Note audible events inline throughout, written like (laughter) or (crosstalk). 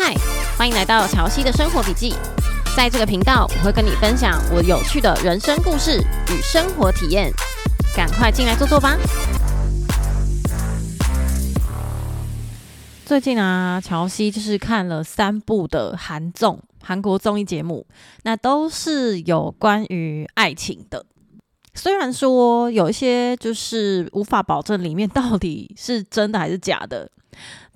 嗨，Hi, 歡迎來到蕎希的生活筆記。在這個頻道，我會跟你分享我有趣的人生故事與生活體驗。趕快進來坐坐吧。最近啊，蕎希就是看了三部的韓綜，韓國綜藝節目，那都是有關於愛情的。雖然說有一些就是無法保證裡面到底是真的還是假的。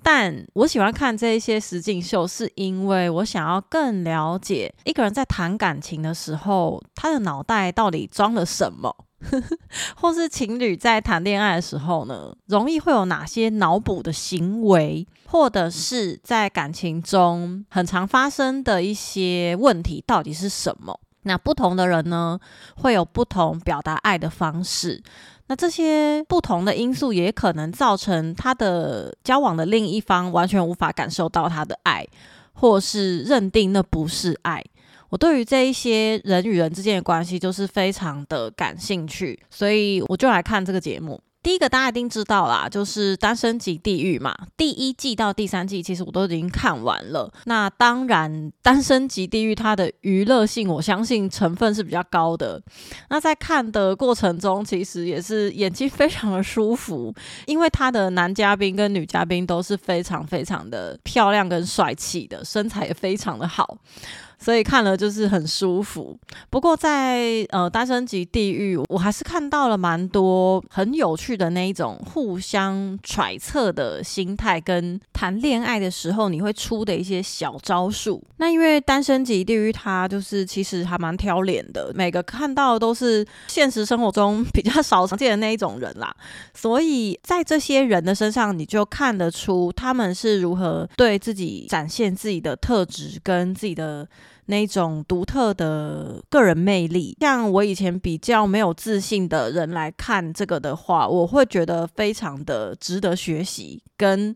但我喜歡看這些實境秀，是因為我想要更了解一個人在談感情的時候，他的腦袋到底裝了什麼， (laughs) 或是情侶在談戀愛的時候呢，容易會有哪些腦補的行為，或者是在感情中很常發生的一些問題到底是什麼？那不同的人呢，會有不同表達愛的方式。那這些不同的因素也可能造成他的交往的另一方完全無法感受到他的愛，或是認定那不是愛。我對於這一些人與人之間的關係就是非常的感興趣，所以我就來看這個節目。第一個大家一定知道啦，就是《單身即地獄》嘛。第一季到第三季，其實我都已經看完了。那當然，《單身即地獄》它的娛樂性，我相信成分是比較高的。那在看的過程中，其實也是眼睛非常的舒服，因為他的男嘉賓跟女嘉賓都是非常非常的漂亮跟帥氣的，身材也非常的好，所以看了就是很舒服。不過在呃《單身即地獄》，我還是看到了蠻多很有趣。的那一種互相揣測的心態，跟談戀愛的時候你會出的一些小招數。那因為單身即地獄他，就是其實還蠻挑臉的，每個看到的都是現實生活中比較少常見的那一種人啦。所以在這些人的身上，你就看得出他們是如何對自己展現自己的特質跟自己的。那種獨特的個人魅力，像我以前比較沒有自信的人來看這個的話，我會覺得非常的值得學習，跟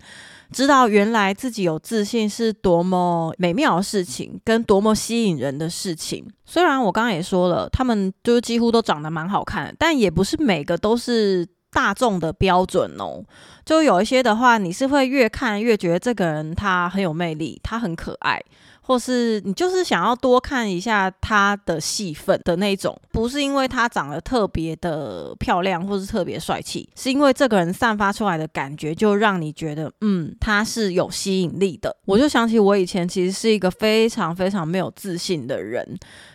知道原來自己有自信是多麼美妙的事情，跟多麼吸引人的事情。雖然我剛剛也說了，他們就幾乎都長得蠻好看，但也不是每個都是大眾的標準哦。就有一些的話，你是會越看越覺得這個人他很有魅力，他很可愛。或是你就是想要多看一下他的戲份的那種，不是因為他長得特別的漂亮，或是特別帥氣，是因為這個人散發出來的感覺就讓你覺得，嗯，他是有吸引力的。我就想起我以前其實是一個非常非常沒有自信的人，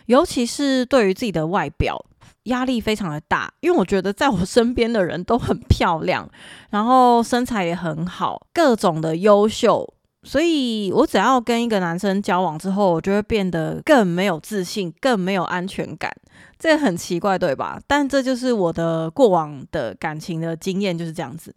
尤其是對於自己的外表壓力非常的大，因為我覺得在我身邊的人都很漂亮，然後身材也很好，各種的優秀。所以我只要跟一個男生交往之後，我就會變得更沒有自信，更沒有安全感。這很奇怪，對吧？但這就是我的過往的感情的經驗就是這樣子。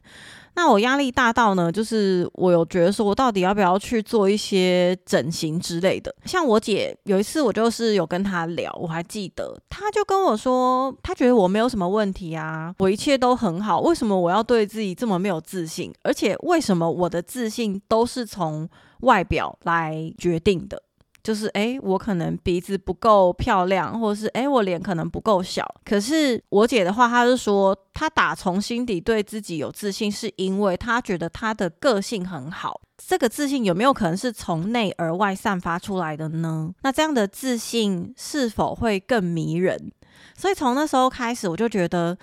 那我壓力大到呢，就是我有覺得說，我到底要不要去做一些整形之類的？像我姐有一次，我就是有跟她聊，我還記得，她就跟我說，她覺得我沒有什麼問題啊，我一切都很好，為什麼我要對自己這麼沒有自信？而且為什麼我的自信都是從外表來決定的？就是哎，我可能鼻子不夠漂亮，或者是哎，我臉可能不夠小。可是我姐的話，她就說她打從心底對自己有自信，是因為她覺得她的個性很好。這個自信有沒有可能是從內而外散發出來的呢？那這樣的自信是否會更迷人？所以從那時候開始，我就覺得。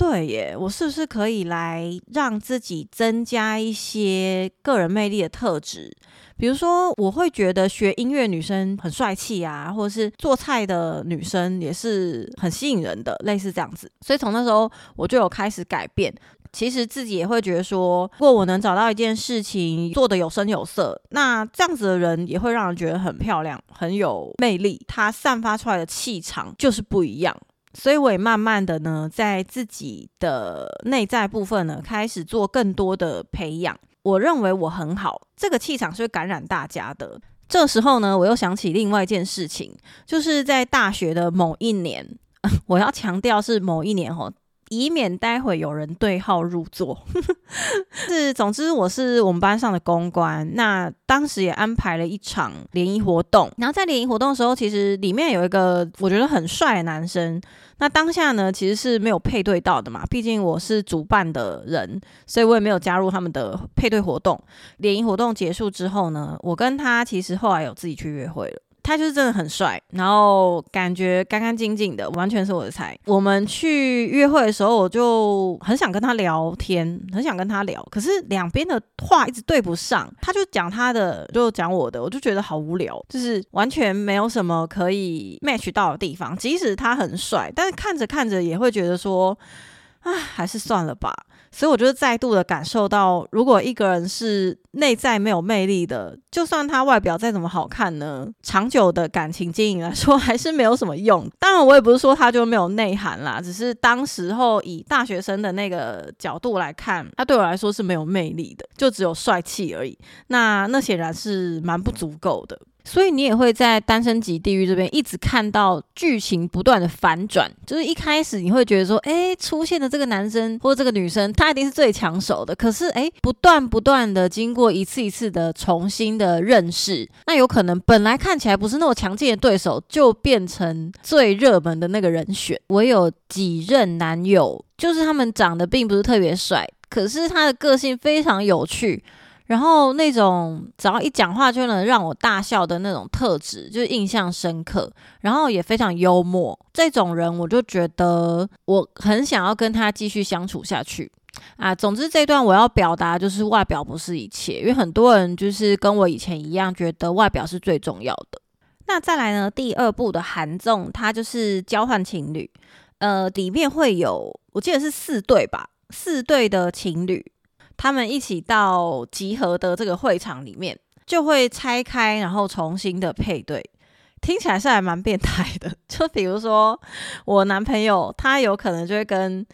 對耶，我是不是可以來讓自己增加一些個人魅力的特質？比如說，我會覺得學音樂女生很帥氣啊，或者是做菜的女生也是很吸引人的，類似這樣子。所以從那時候我就有開始改變。其實自己也會覺得說，如果我能找到一件事情做得有聲有色，那這樣子的人也會讓人覺得很漂亮、很有魅力。他散發出來的氣場就是不一樣。所以，我也慢慢的呢，在自己的內在部分呢，開始做更多的培養。我認為我很好，這個氣場是會感染大家的。這時候呢，我又想起另外一件事情，就是在大學的某一年，呵呵，我要強調是某一年哈、哦。以免待會有人對號入座， (laughs) 是，總之我是我們班上的公關。那當時也安排了一場聯誼活動，然後在聯誼活動的時候，其實裡面有一個我覺得很帥的男生。那當下呢，其實是沒有配對到的嘛，畢竟我是主辦的人，所以我也沒有加入他們的配對活動。聯誼活動結束之後呢，我跟他其實後來有自己去約會了。他就是真的很帥，然後感覺乾乾淨淨的，完全是我的菜。我們去約會的時候，我就很想跟他聊天，很想跟他聊，可是兩邊的話一直對不上，他就講他的，就講我的，我就覺得好無聊，就是完全沒有什麼可以 match 到的地方。即使他很帥，但是看着看着也會覺得說。啊，還是算了吧。所以，我就是再度的感受到，如果一個人是內在沒有魅力的，就算他外表再怎麼好看呢，長久的感情經營來說，還是沒有什麼用的。當然，我也不是說他就沒有內涵啦，只是當時候以大學生的那個角度來看，他對我來說是沒有魅力的，就只有帥氣而已。那那顯然是蠻不足夠的。所以你也會在單身即地獄這邊一直看到劇情不斷的反轉，就是一開始你會覺得說，誒、欸，出現的這個男生或者這個女生，他一定是最搶手的。可是，誒、欸，不斷不斷的經過一次一次的重新的認識，那有可能本來看起來不是那麼強勁的對手，就變成最熱門的那個人選。我有幾任男友，就是他們長得並不是特別帥，可是他的個性非常有趣。然後那種只要一講話就能讓我大笑的那種特質就印象深刻，然後也非常幽默，這種人我就覺得我很想要跟他繼續相處下去啊。總之這一段我要表達就是外表不是一切，因為很多人就是跟我以前一樣覺得外表是最重要的。那再來呢，第二部的韓綜，他就是交換情侶，呃，裡面會有我記得是四對吧，四對的情侶。他們一起到集合的這個會場裡面，就會拆開，然後重新的配對。聽起來是還蠻變態的。就比如說，我男朋友他有可能就會跟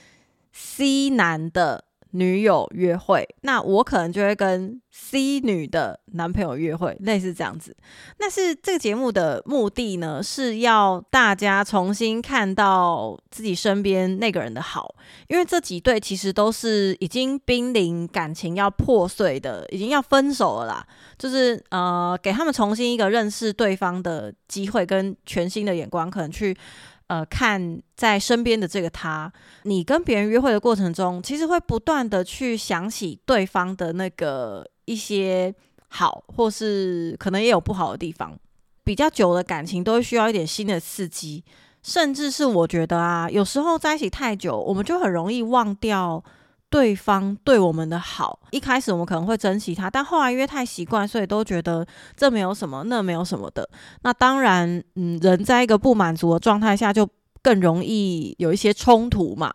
C 男的女友約會，那我可能就會跟 C 女的男朋友約會，類似這樣子。但是這個節目的目的呢，是要大家重新看到自己身邊那個人的好，因為這幾對其實都是已經瀕臨感情要破碎的，已經要分手了啦。就是呃，給他們重新一個認識對方的機會，跟全新的眼光，可能去。呃，看在身邊的這個他，你跟別人約會的過程中，其實會不斷的去想起對方的那個一些好，或是可能也有不好的地方。比較久的感情都會需要一點新的刺激，甚至是我覺得啊，有時候在一起太久，我們就很容易忘掉。對方對我們的好，一開始我們可能會珍惜他，但後來因為太習慣，所以都覺得這沒有什麼，那沒有什麼的。那當然，嗯，人在一個不滿足的狀態下，就更容易有一些衝突嘛。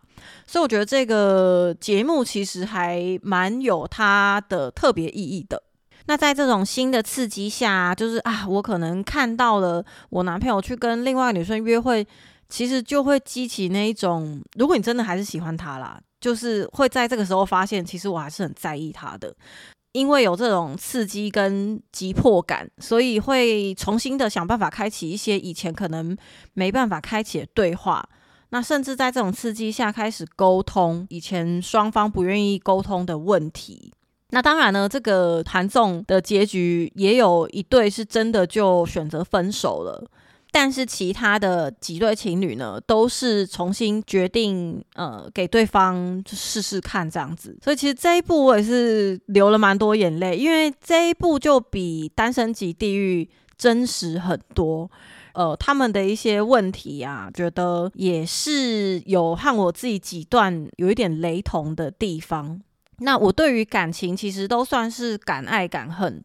所以我覺得這個節目其實還蠻有它的特別意義的。那在這種新的刺激下，就是啊，我可能看到了我男朋友去跟另外一個女生約會，其實就會激起那一種，如果你真的還是喜歡他啦。就是會在這個時候發現，其實我還是很在意他的，因為有這種刺激跟急迫感，所以會重新的想辦法開啟一些以前可能沒辦法開啟的對話。那甚至在這種刺激下開始溝通以前雙方不願意溝通的問題。那當然呢，這個談綜的結局也有一對是真的就選擇分手了。但是其他的幾對情侶呢，都是重新決定，呃，給對方就試試看這樣子。所以其實這一部我也是流了蠻多眼淚，因為這一部就比《單身即地獄》真實很多。呃，他們的一些問題啊，覺得也是有和我自己幾段有一點雷同的地方。那我對於感情其實都算是敢愛敢恨。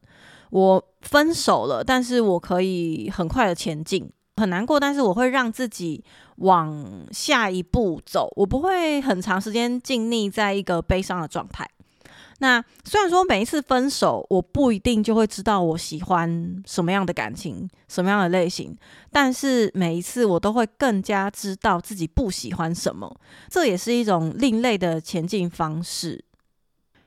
我分手了，但是我可以很快的前進。很難過，但是我會讓自己往下一步走，我不會很長時間靜立在一個悲傷的狀態。那雖然說每一次分手，我不一定就會知道我喜歡什麼樣的感情、什麼樣的類型，但是每一次我都會更加知道自己不喜歡什麼，這也是一種另類的前進方式。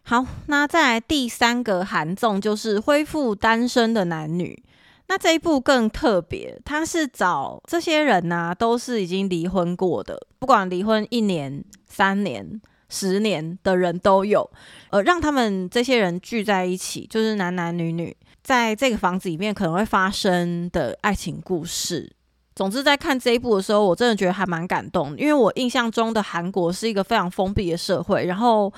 好，那再來第三個韓綜就是恢復單身的男女。那這一部更特別，他是找這些人呢、啊，都是已經離婚過的，不管離婚一年、三年、十年的人都有，呃，讓他們這些人聚在一起，就是男男女女，在這個房子裡面可能會發生的愛情故事。總之，在看這一部的時候，我真的覺得還蠻感動，因為我印象中的韓國是一個非常封閉的社會，然後，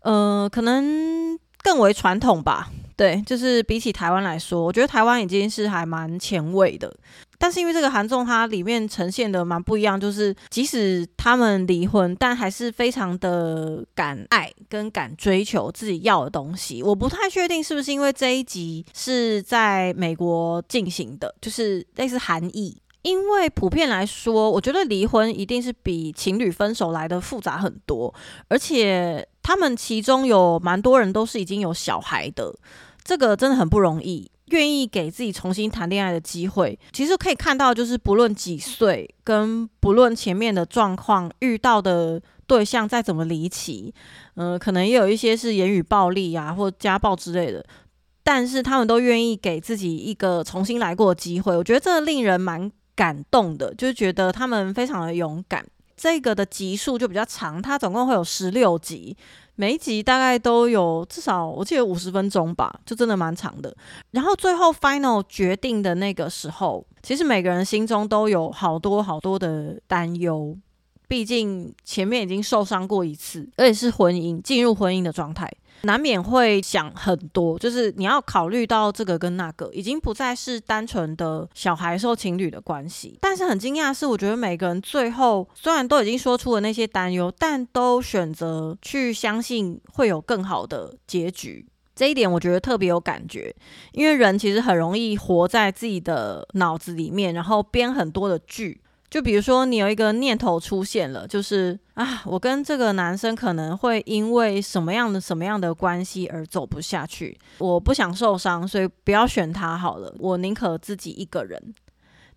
呃，可能。更為傳統吧，對，就是比起台灣來說，我覺得台灣已經是還蠻前衛的。但是因為這個韓綜，它裡面呈現的蠻不一樣，就是即使他們離婚，但還是非常的敢愛跟敢追求自己要的東西。我不太確定是不是因為這一集是在美國進行的，就是類似韓裔。因為普遍來說，我覺得離婚一定是比情侶分手來的複雜很多，而且。他們其中有蠻多人都是已經有小孩的，這個真的很不容易，願意給自己重新談戀愛的機會。其實可以看到，就是不論幾歲，跟不論前面的狀況，遇到的對象再怎麼離奇，嗯、呃，可能也有一些是言語暴力啊，或家暴之類的，但是他們都願意給自己一個重新來過的機會。我覺得這令人蠻感動的，就是覺得他們非常的勇敢。這個的集數就比較長，它總共會有十六集，每一集大概都有至少我記得五十分鐘吧，就真的蠻長的。然後最後 final 決定的那個時候，其實每個人心中都有好多好多的擔憂，畢竟前面已經受傷過一次，而且是婚姻，進入婚姻的狀態。難免會想很多，就是你要考慮到這個跟那個，已經不再是單純的小孩時候情侶的關係。但是很驚訝的是，我覺得每個人最後雖然都已經說出了那些擔憂，但都選擇去相信會有更好的結局。這一點我覺得特別有感覺，因為人其實很容易活在自己的腦子裡面，然後編很多的劇。就比如說，你有一個念頭出現了，就是啊，我跟這個男生可能會因為什麼樣的什麼樣的關係而走不下去，我不想受傷，所以不要選他好了，我寧可自己一個人。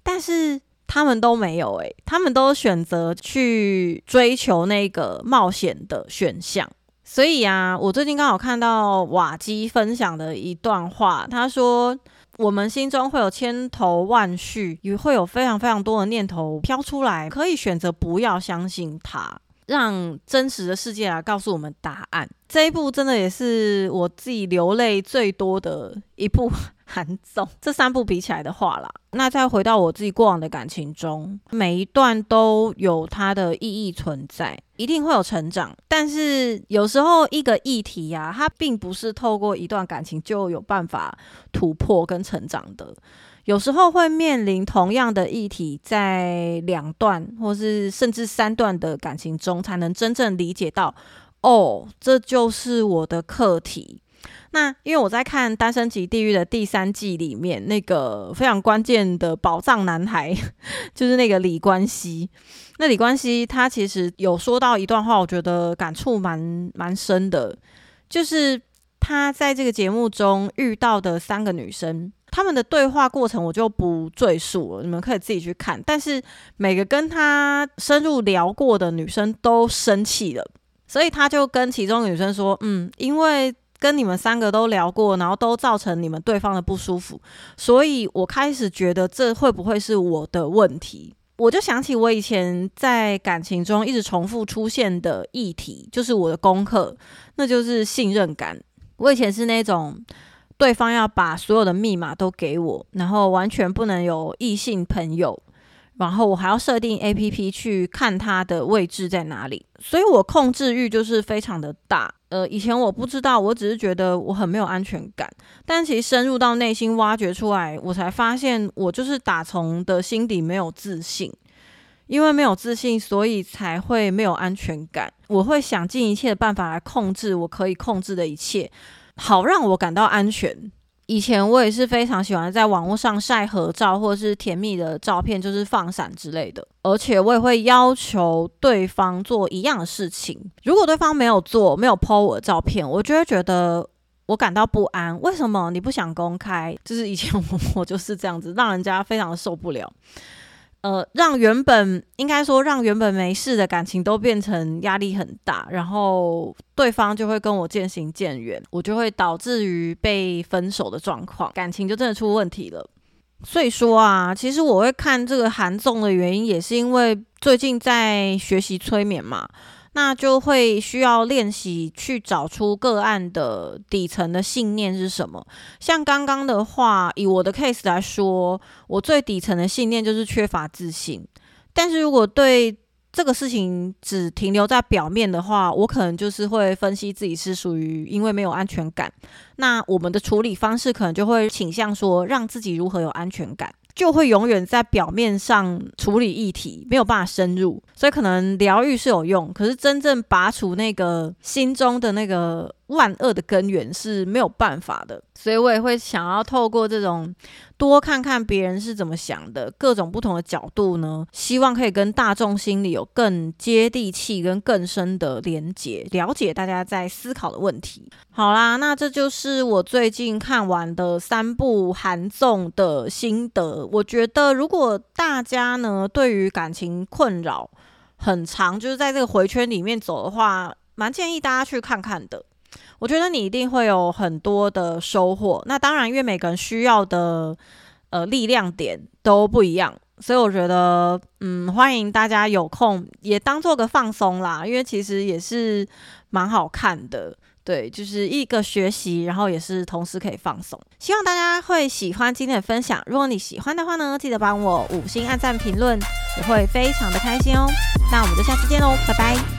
但是他們都沒有誒、欸，他們都選擇去追求那個冒險的選項。所以啊，我最近剛好看到瓦基分享的一段話，他說：“我們心中會有千頭萬緒，也會有非常非常多的念頭飄出來，可以選擇不要相信他。”讓真實的世界來告訴我們答案。這一部真的也是我自己流淚最多的一部韓綜。這三部比起來的話啦，那再回到我自己過往的感情中，每一段都有它的意義存在，一定會有成長。但是有時候一個議題呀、啊，它並不是透過一段感情就有辦法突破跟成長的。有時候會面臨同樣的議題，在兩段或是甚至三段的感情中，才能真正理解到，哦，這就是我的課題。那因為我在看《單身即地獄》的第三季裡面，那個非常關鍵的寶藏男孩，就是那個李冠希。那李冠希他其實有說到一段話，我覺得感觸蠻蠻深的，就是他在這個節目中遇到的三個女生。他們的對話過程我就不贅述了，你們可以自己去看。但是每個跟他深入聊過的女生都生氣了，所以他就跟其中女生說：“嗯，因為跟你們三個都聊過，然後都造成你們對方的不舒服，所以我開始覺得這會不會是我的問題？我就想起我以前在感情中一直重複出現的議題，就是我的功課，那就是信任感。我以前是那種。”對方要把所有的密碼都給我，然後完全不能有異性朋友，然後我還要設定 APP 去看他的位置在哪裡，所以我控制慾就是非常的大。呃，以前我不知道，我只是覺得我很沒有安全感，但其實深入到內心挖掘出來，我才發現我就是打從的心底沒有自信，因為沒有自信，所以才會沒有安全感。我會想盡一切的辦法來控制我可以控制的一切。好讓我感到安全。以前我也是非常喜歡在網絡上曬合照或是甜蜜的照片，就是放閃之類的。而且我也會要求對方做一樣的事情。如果對方沒有做，沒有 PO 我的照片，我就會覺得我感到不安。為什麼你不想公開？就是以前我我就是這樣子，讓人家非常的受不了。呃，讓原本應該說，讓原本沒事的感情都變成壓力很大，然後對方就會跟我漸行漸遠，我就會導致於被分手的狀況，感情就真的出問題了。所以說啊，其實我會看這個韓綜的原因，也是因為最近在學習催眠嘛。那就會需要練習去找出個案的底層的信念是什麼。像剛剛的話，以我的 case 來說，我最底層的信念就是缺乏自信。但是如果對這個事情只停留在表面的話，我可能就是會分析自己是屬於因為沒有安全感。那我們的處理方式可能就會傾向說，讓自己如何有安全感。就會永遠在表面上處理議題，沒有辦法深入，所以可能療癒是有用，可是真正拔除那個心中的那個。萬惡的根源是沒有辦法的，所以我也會想要透過這種多看看別人是怎麼想的，各種不同的角度呢，希望可以跟大眾心裡有更接地氣、跟更深的連接，了解大家在思考的問題。好啦，那這就是我最近看完的三部韓綜的心得。我覺得如果大家呢對於感情困擾很長，就是在這個回圈裡面走的話，蠻建議大家去看看的。我覺得你一定會有很多的收穫。那當然，因為每個人需要的呃力量點都不一樣，所以我覺得，嗯，歡迎大家有空也當做個放鬆啦，因為其實也是蠻好看的，對，就是一個學習，然後也是同時可以放鬆。希望大家會喜歡今天的分享。如果你喜歡的話呢，記得幫我五星按讚、評論，我會非常的開心哦。那我們就下次見嘍，拜拜。